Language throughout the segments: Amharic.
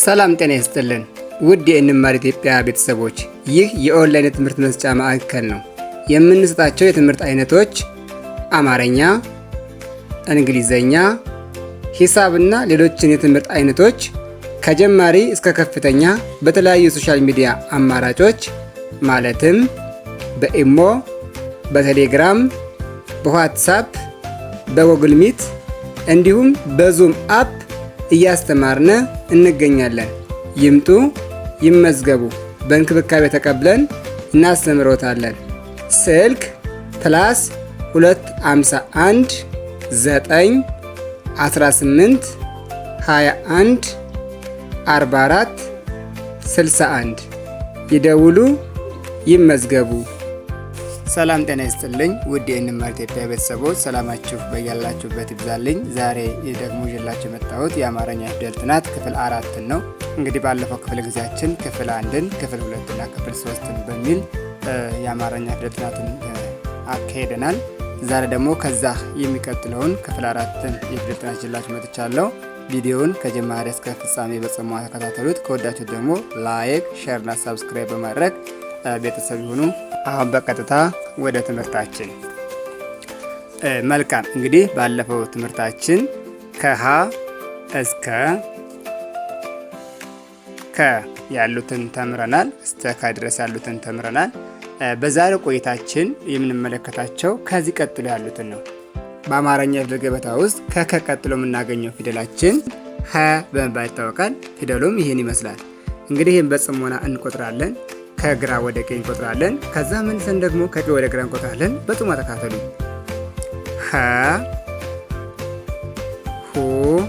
ሰላም ጤና ይስጥልን ውድ የእንማር ኢትዮጵያ ቤተሰቦች፣ ይህ የኦንላይን የትምህርት መስጫ ማዕከል ነው። የምንሰጣቸው የትምህርት አይነቶች አማርኛ፣ እንግሊዘኛ፣ ሂሳብና ሌሎችን የትምህርት አይነቶች ከጀማሪ እስከ ከፍተኛ በተለያዩ ሶሻል ሚዲያ አማራጮች ማለትም በኢሞ፣ በቴሌግራም፣ በዋትሳፕ፣ በጎግል ሚት እንዲሁም በዙም አፕ እያስተማርነ እንገኛለን። ይምጡ፣ ይመዝገቡ። በእንክብካቤ ተቀብለን እናስተምሮታለን። ስልክ ፕላስ 251 9 18 21 44 61 ይደውሉ፣ ይመዝገቡ። ሰላም ጤና ይስጥልኝ ውድ የንማር ኢትዮጵያ ቤተሰቦች ሰላማችሁ በያላችሁበት ይብዛልኝ። ዛሬ ደግሞ ይዤላችሁ የመጣሁት የአማርኛ ፊደል ጥናት ክፍል አራትን ነው። እንግዲህ ባለፈው ክፍል ጊዜያችን ክፍል አንድን፣ ክፍል ሁለትና ክፍል ሶስትን በሚል የአማርኛ ፊደል ጥናትን አካሄደናል። ዛሬ ደግሞ ከዛ የሚቀጥለውን ክፍል አራትን የፊደል ጥናት ይዤላችሁ መጥቻለሁ። ቪዲዮውን ከጀማሪ እስከ ፍጻሜ በጽሞና ተከታተሉት። ከወዳችሁ ደግሞ ላይክ፣ ሼርና ሳብስክራይብ በማድረግ ቤተሰብ ይሁኑ። አሁን በቀጥታ ወደ ትምህርታችን መልካም። እንግዲህ ባለፈው ትምህርታችን ከሀ እስከ ከ ያሉትን ተምረናል። እስከ ከ ድረስ ያሉትን ተምረናል። በዛሬ ቆይታችን የምንመለከታቸው ከዚህ ቀጥሎ ያሉትን ነው። በአማርኛ ፊደል ገበታ ውስጥ ከከ ቀጥሎ የምናገኘው ፊደላችን ሀ በመባል ይታወቃል። ፊደሉም ይህን ይመስላል። እንግዲህ ይህን በጽሞና እንቆጥራለን። ከግራ ወደ ቀኝ እንቆጥራለን። ከዛ መልሰን ደግሞ ከቀኝ ወደ ግራ እንቆጥራለን። በጥሞና ተካተሉ። ሀ ሁ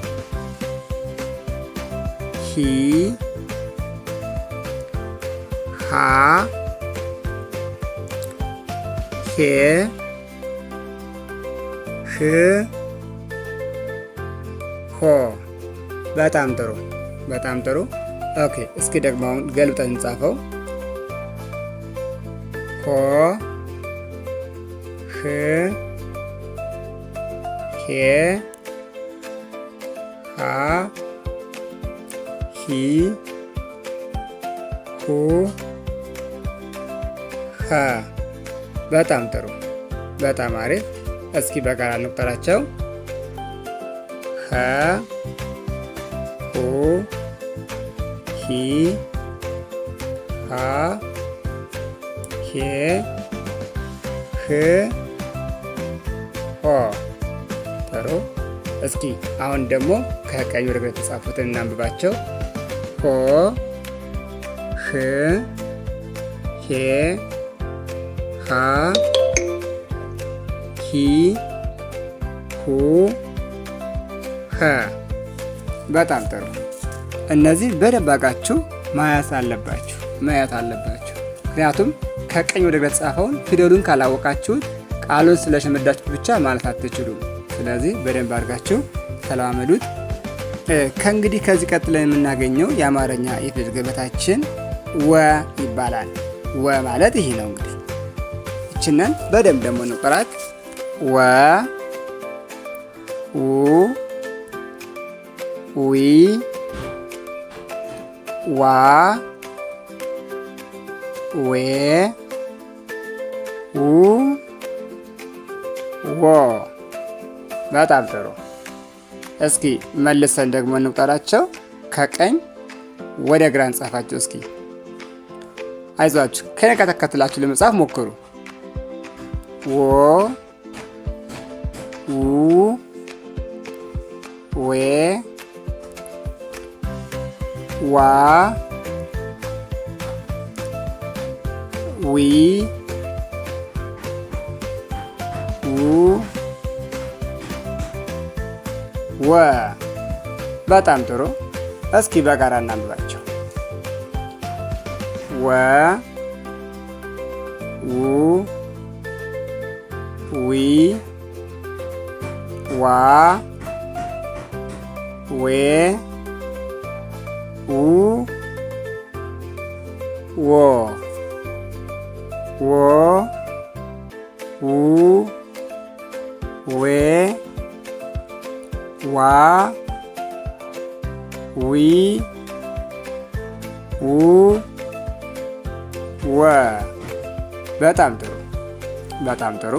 ሂ ሃ ሄ ህ ሆ። በጣም ጥሩ፣ በጣም ጥሩ። ኦኬ፣ እስኪ ደግሞ አሁን ገልብጠን እንጻፈው። ሆ ህ ሄ ሃ ሂ ሁ ሀ በጣም ጥሩ፣ በጣም አሪፍ። እስኪ በጋራ እንቁጠራቸው። ሀ ሁ ሂ ሃ ሄ ህ ሆ ጥሩ። እስኪ አሁን ደግሞ ከቀኝ ወደ ግራ የተጻፉትን እናንብባቸው። ሆ ህ ሄ ሃ ሂ ሁ ሀ። በጣም ጥሩ። እነዚህ በደባቃችሁ ማያት አለባችሁ ማያት አለባችሁ ምክንያቱም ከቀኝ ወደ ግራ የተጻፈውን ፊደሉን ካላወቃችሁት ቃሉን ስለሸመዳችሁ ብቻ ማለት አትችሉም። ስለዚህ በደንብ አድርጋችሁ ተለማመዱት። ከእንግዲህ ከዚህ ቀጥሎ የምናገኘው የአማርኛ የፊደል ገበታችን ወ ይባላል። ወ ማለት ይህ ነው። እንግዲህ እችነን በደንብ ደግሞ ንቁራት። ወ ው ዊ ዋ ዌ ው በጣም ጥሩ። እስኪ መልሰን ደግሞ እንቁጠራቸው። ከቀኝ ወደ ግራ እንጻፋቸው። እስኪ አይዟችሁ ከኔ ከተከትላችሁ ለመጻፍ ሞክሩ። ወ ው ዌ ዋ ዊ ወ። በጣም ጥሩ። እስኪ በጋራ እናንብባቸው። ወ ው ዊ ዋ ዌ ው ዎ ዎ ው ዌ ዋ ዊ ው ወ። በጣም ጥሩ በጣም ጥሩ።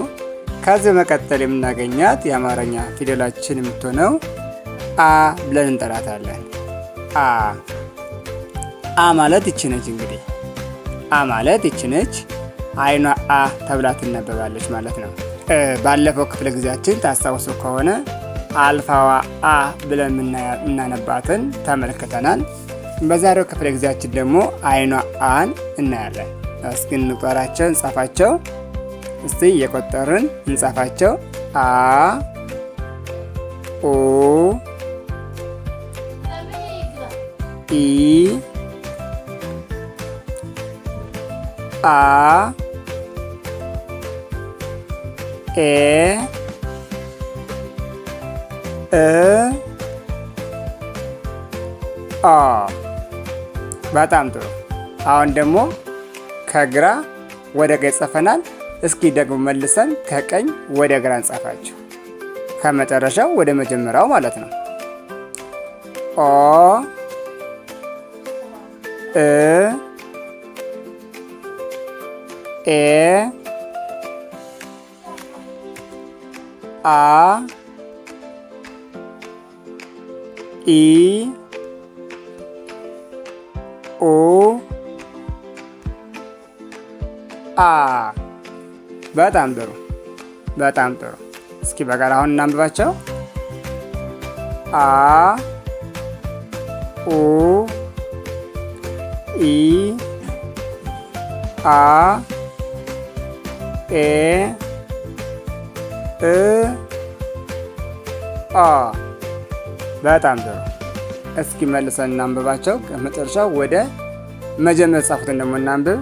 ከዚህ መቀጠል የምናገኛት የአማርኛ ፊደላችን የምትሆነው አ ብለን እንጠራታለን። አ አ ማለት ይቺ ነች። እንግዲህ አ ማለት ይቺ ነች። አይኗ አ ተብላ ትነበባለች ማለት ነው። ባለፈው ክፍለ ጊዜያችን ታስታውሱ ከሆነ አልፋዋ አ ብለን የምናነባትን ተመልክተናል። በዛሬው ክፍለ ጊዜያችን ደግሞ አይኗ አን እናያለን። እስኪ እንቁጠራቸው፣ እንጻፋቸው። እስቲ እየቆጠርን እንጻፋቸው። አ ኦ ኢ አ ኤ እ ኦ በጣም ጥሩ። አሁን ደግሞ ከግራ ወደ ቀኝ ጽፈናል። እስኪ ደግሞ መልሰን ከቀኝ ወደ ግራ እንጻፋቸው። ከመጨረሻው ወደ መጀመሪያው ማለት ነው። ኦ እ ኤ A, I, U, A, batam tur, batam tur, sekitar kahun enam belas cow, A, U, I, A, E. እ አ በጣም ጥሩ። እስኪ መልሰን እናንብባቸው። ከመጨረሻው ወደ መጀመር ጻፉትን ደግሞ እናንብብ።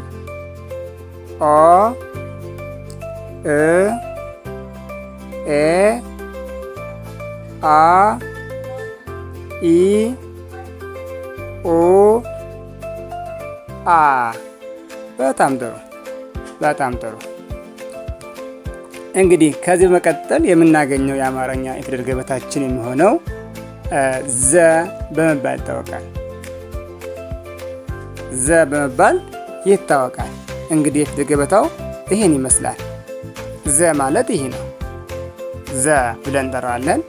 ኦ እ ኤ አ ኢ ኦ አ በጣም ጥሩ፣ በጣም ጥሩ። እንግዲህ ከዚህ በመቀጠል የምናገኘው የአማርኛ የፊደል ገበታችን የሚሆነው ዘ በመባል ይታወቃል። ዘ በመባል ይታወቃል። እንግዲህ የፊደል ገበታው ይህን ይመስላል። ዘ ማለት ይህ ነው። ዘ ብለን እንጠራዋለን።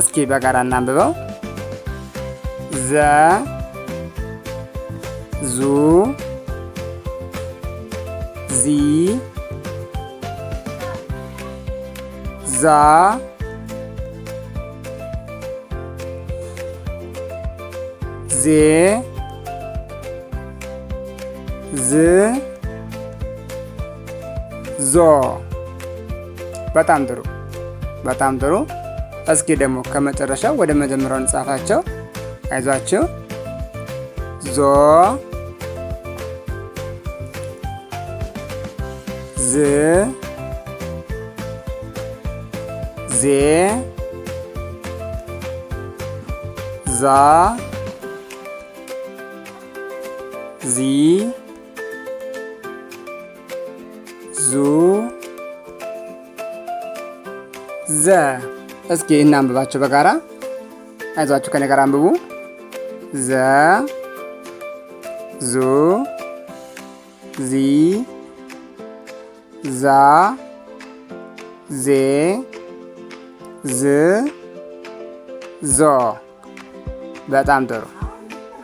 እስኪ በጋራ እናንብበው። ዘ ዙ ዚ ዛ ዜ ዝ ዞ። በጣም ጥሩ በጣም ጥሩ። እስኪ ደግሞ ከመጨረሻው ወደ መጀመሪያው እንጻፋቸው። አይዟችሁ ዞ ዝ ዜ ዛ ዚ ዙ ዘ። እስኪ እናንብባቸው በጋራ አይዟችሁ፣ ከኔ ጋር አንብቡ። ዘ ዙ ዚ ዛ ዜ ዝ ዞ በጣም ጥሩ።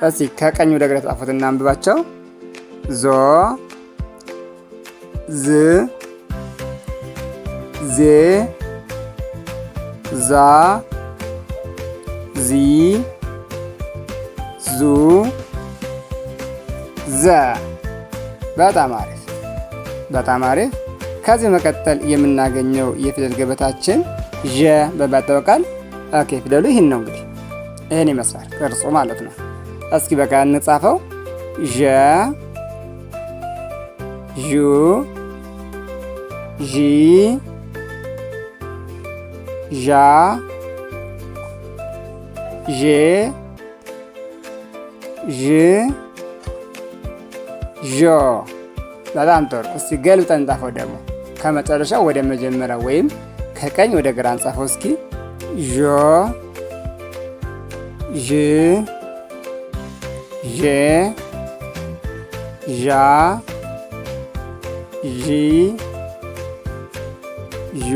እስቲ ከቀኝ ወደ ግራ ተጻፉት እና አንብባቸው። ዞ ዝ ዜ ዛ ዚ ዙ ዘ በጣም አሪፍ፣ በጣም አሪፍ። ከዚህ መቀጠል የምናገኘው የፊደል ገበታችን ዠ በሚል ይታወቃል። ኦኬ ፊደሉ ይህን ነው እንግዲህ ይህን ይመስላል ቅርጹ ማለት ነው። እስኪ በቃ እንጻፈው ዠ ዡ ዢ ዣ ዤ ዥ ዦ በጣም ጥሩ። እስቲ ገልብጠን እንጻፈው ደግሞ ከመጨረሻው ወደ መጀመሪያው ወይም ከቀኝ ወደ ግራ አንጻፈው እስኪ ዦ ዥ ዤ ዣ ዢ ዩ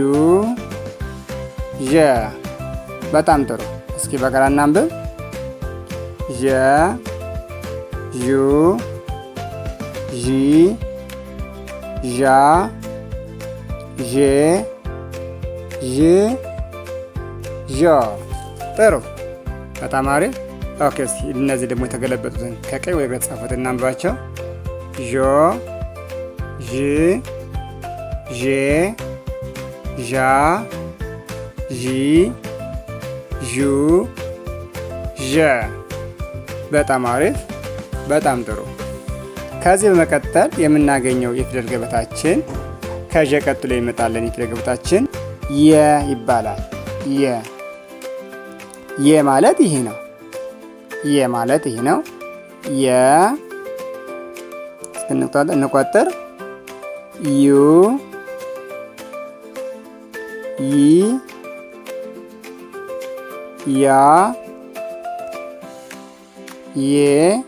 ዠ በጣም ጥሩ። እስኪ በጋራ እናንብብ። ዠ ዡ ዢ ዣ ዤ ዥ ዣ ጥሩ በጣም አሪፍ ኦኬ እስኪ እነዚህ ደግሞ የተገለበጡትን ከቀኝ ወደ ግራ የተጻፉት እናንባቸው ዦ ዥ ዤ ዣ ዢ ዡ ዠ በጣም አሪፍ በጣም ጥሩ ከዚህ በመቀጠል የምናገኘው የፊደል ገበታችን ከዠ ቀጥሎ ይመጣለን የፊደል ገበታችን የ ይባላል። የ የ ማለት ይሄ ነው። የ ማለት ይሄ ነው። የ እንቆጥር ዩ ይ ያ የ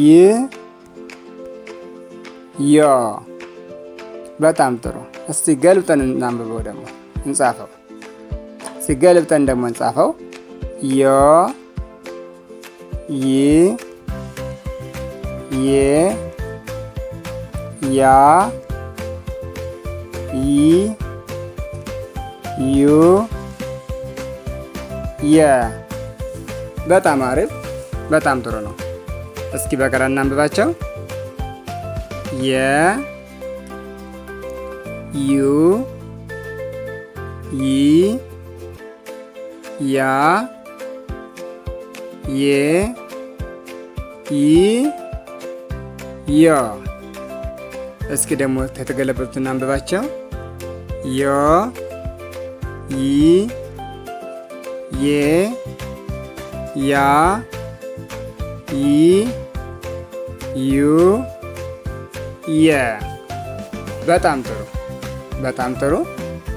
ይ ዮ በጣም ጥሩ። እስቲ ገልብጠን እናንብበው ደግሞ እንጻፈው። ገልብጠን ደግሞ እንጻፈው። ዮ ይ የ ያ ይ ዩ የ። በጣም አሪፍ፣ በጣም ጥሩ ነው። እስኪ በቀረ እናንብባቸው የ ዩ ይ ያ የ ይ ዮ እስኪ ደግሞ ከተገለበጡትና አንብባቸው ዮ ይ የ ያ ይ ዩ የ በጣም ጥሩ በጣም ጥሩ።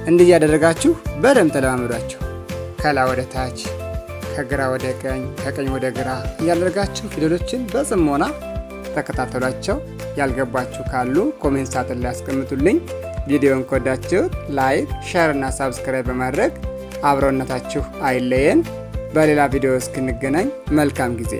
እንዲህ እያደረጋችሁ በደንብ ተለማመዷቸው። ከላ ወደ ታች፣ ከግራ ወደ ቀኝ፣ ከቀኝ ወደ ግራ እያደረጋችሁ ፊደሎችን በጽሞና ተከታተሏቸው። ያልገባችሁ ካሉ ኮሜንት ሳጥን ላይ ያስቀምጡልኝ። ቪዲዮን ከወዳችሁት ላይክ፣ ሼር እና ሳብስክራይብ በማድረግ አብሮነታችሁ አይለየን። በሌላ ቪዲዮ እስክንገናኝ መልካም ጊዜ